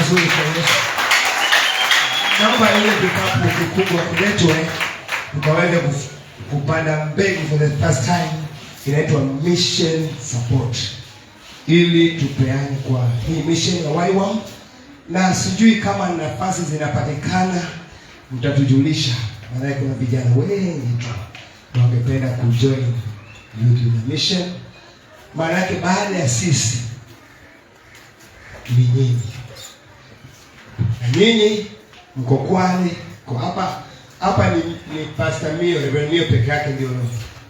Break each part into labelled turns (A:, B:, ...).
A: mazuri Yesu. Naomba ile kikapu kikubwa kiletwe tukaweze kupanda mbegu for the first time, inaitwa mission support, ili tupeane kwa hii mission ya Waiwa, na sijui kama nafasi zinapatikana, mtatujulisha, maanake kuna vijana wengi tu wangependa kujoin Youth Mission. Maana baada ya sisi ni nyinyi na nyinyi mko Kwale, kwa hapa hapa ni, ni Pastor Mio, Reverend Mio peke yake ndio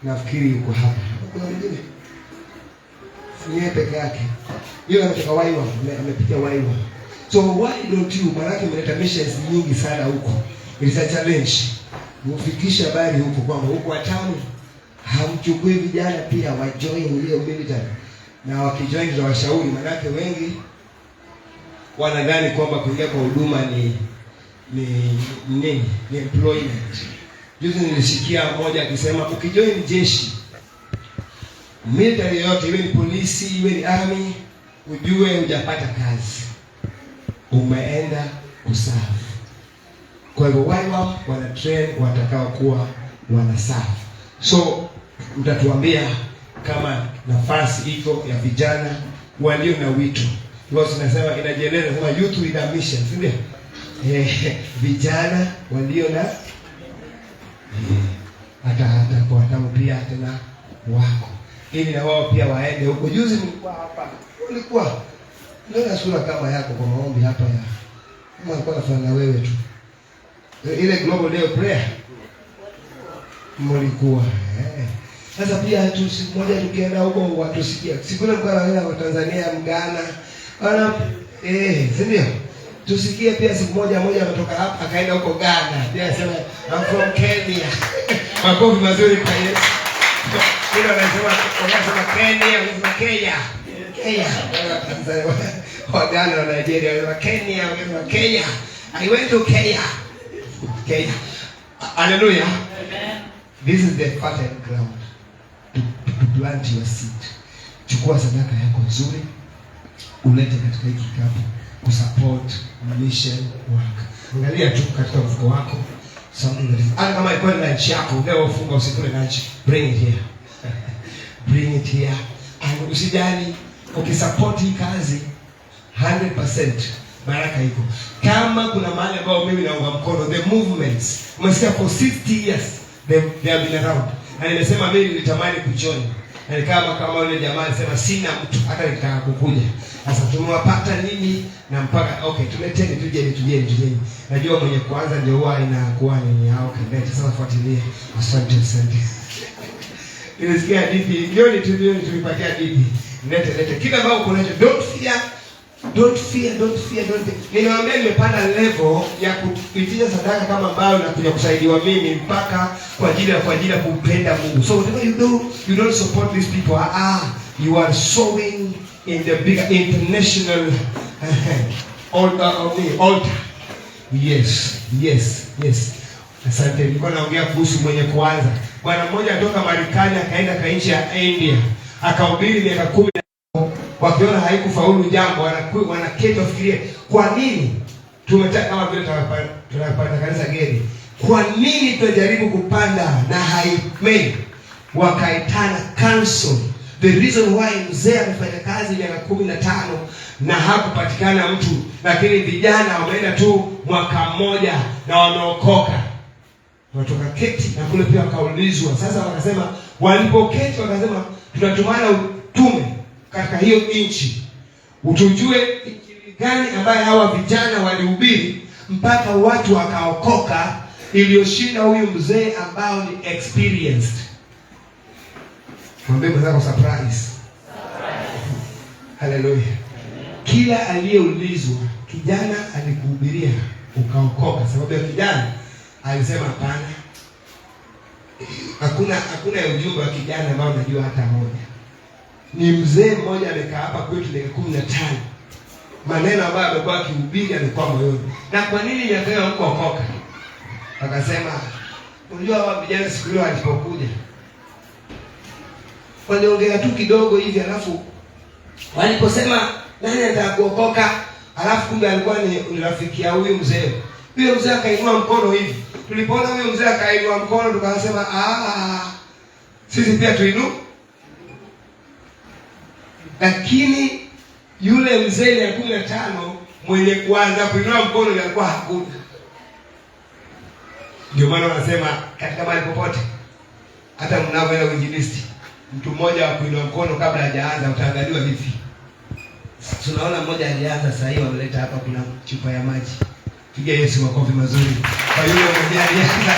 A: nafikiri yuko hapa, kuna wengine si yeye peke yake, yeye anatoka Waiwa, amepitia Waiwa. So why don't you, maanake mleta missions nyingi sana huko, it's a challenge Mufikishe habari huko kwamba huko watamu hamchukui vijana pia wajoin hiyo military, na wakijoin za washauri, maanake wengi wanadhani kwamba kuingia kwa huduma ni ni nini? Ni employment. Juzi nilisikia mmoja akisema ukijoin jeshi military yoyote, iwe ni polisi, iwe ni army, ujue hujapata kazi, umeenda kusafu. Kwa hivyo YWAM wana train watakao kuwa wanasafu, so mtatuambia kama nafasi iko ya vijana walio na wito Because nasema inajieleza sema youth with a mission, si ndio? Eh, vijana walio na eh, hata hata kwa tamu pia tena wako. Ili na wao pia waende huko. Juzi nilikuwa hapa. Nilikuwa ndio sura kama yako kwa maombi hapa ya. Kama alikuwa anafanya na wewe tu. Eh, ile global day of prayer mlikuwa eh. Sasa pia tu siku moja tukienda huko watusikia. Siku ile kwa Tanzania, Mgana, ana eh, si ndio? Tusikie pia siku moja moja ametoka hapa akaenda huko Ghana. Pia sema I'm from Kenya. Makofi mazuri kwa Yesu. Kila anasema anasema Kenya, anasema Kenya. Kenya. Wa Ghana na Nigeria anasema Kenya, anasema Kenya. I went to Kenya. Kenya. Hallelujah. Amen. This is the fertile ground to, to plant your seed. Chukua sadaka yako nzuri ulete katika hiki kikapu support mission work. Angalia tu katika mfuko wako something that is hata kama iko na nchi yako leo funga usikule na nchi bring it here. bring it here. And usijali ukisupport hii kazi 100% baraka iko. Kama kuna mahali ambao mimi naunga mkono the movements. Umesikia for 60 years they, they have been around. Na nimesema mimi nilitamani kujoin. Nilikaa yaani kama yule jamaa alisema sina mtu hata nitaka kukuja. Sasa tumewapata nini na mpaka okay, tuleteni tujeni tujeni tujeni. Najua mwenye kuanza ndio huwa inakuwa ni hao kende. Sasa fuatilie. Asante asante. Nilisikia hadithi, jioni tu jioni tulipatia hadithi. Lete lete kila bao kunacho. Don't fear Don't fear, don't fear, don't fear. Ninawaambia nimepanda level ya kuitisha sadaka kama ambayo nakuja kusaidiwa mimi mpaka kwa ajili ya kwa ajili ya kumpenda Mungu. So whatever you do, you don't support these people. Ah, ah you are sowing in the big international altar of uh, uh, me, altar. Yes, yes, yes. Asante, nilikuwa naongea kuhusu mwenye kuanza. Bwana mmoja kutoka Marekani akaenda kwa nchi ya India. Akahubiri miaka 10 wakiona haikufaulu jambo wanakuwa wanaketi wafikirie, kwa nini tumetaka, kama vile tunapanda kanisa geni, kwa nini tunajaribu kupanda na haimei? Wakaitana council, the reason why mzee amefanya kazi miaka kumi na tano na hakupatikana mtu, lakini vijana wameenda tu mwaka mmoja na wameokoka watoka keti na kule pia wakaulizwa. Sasa wakasema, walipoketi wakasema, tunatumana utume katika hiyo nchi, utujue injili gani ambayo hawa vijana walihubiri mpaka watu wakaokoka, iliyoshinda huyu mzee ambao ni experienced. Mwambie mwenzako surprise. Haleluya! Kila aliyeulizwa kijana alikuhubiria ukaokoka, sababu ya kijana alisema hapana, hakuna hakuna ujumbe wa kijana ambao unajua hata moja ni mzee mmoja amekaa hapa kwetu dakika kumi na tano, maneno ambayo amekuwa akihubiri amekuwa moyoni. Na kwa nini yakaa huko okoka? Akasema unajua, hawa vijana siku hiyo walipokuja waliongea tu kidogo hivi, alafu waliposema nani atakuokoka, alafu kumbe alikuwa ni rafiki ya huyu mzee. Huyo mzee akainua mkono hivi, tulipoona huyo mzee akainua mkono tukasema, ah, sisi pia tuinue lakini yule mzee ya kumi na tano mwenye kuanza kuinua mkono alikuwa hakuna. Ndio maana wanasema katika mahali popote, hata mnavyoenda uinjilisti, mtu mmoja wa kuinua mkono kabla hajaanza utaangaliwa hivi. Tunaona mmoja alianza, sasa hivi wameleta hapa, kuna chupa ya maji. Piga Yesu makofi mazuri kwa yule mwenye alianza.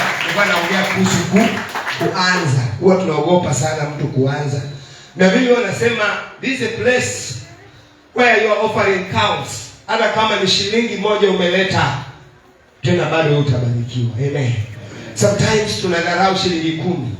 A: Naongea kuhusu kuanza, huwa tunaogopa sana mtu kuanza na mimi wanasema this is a place where are offering counts. Hata kama ni shilingi moja umeleta tena, bado utabarikiwa. Amen. Sometimes tunadharau shilingi kumi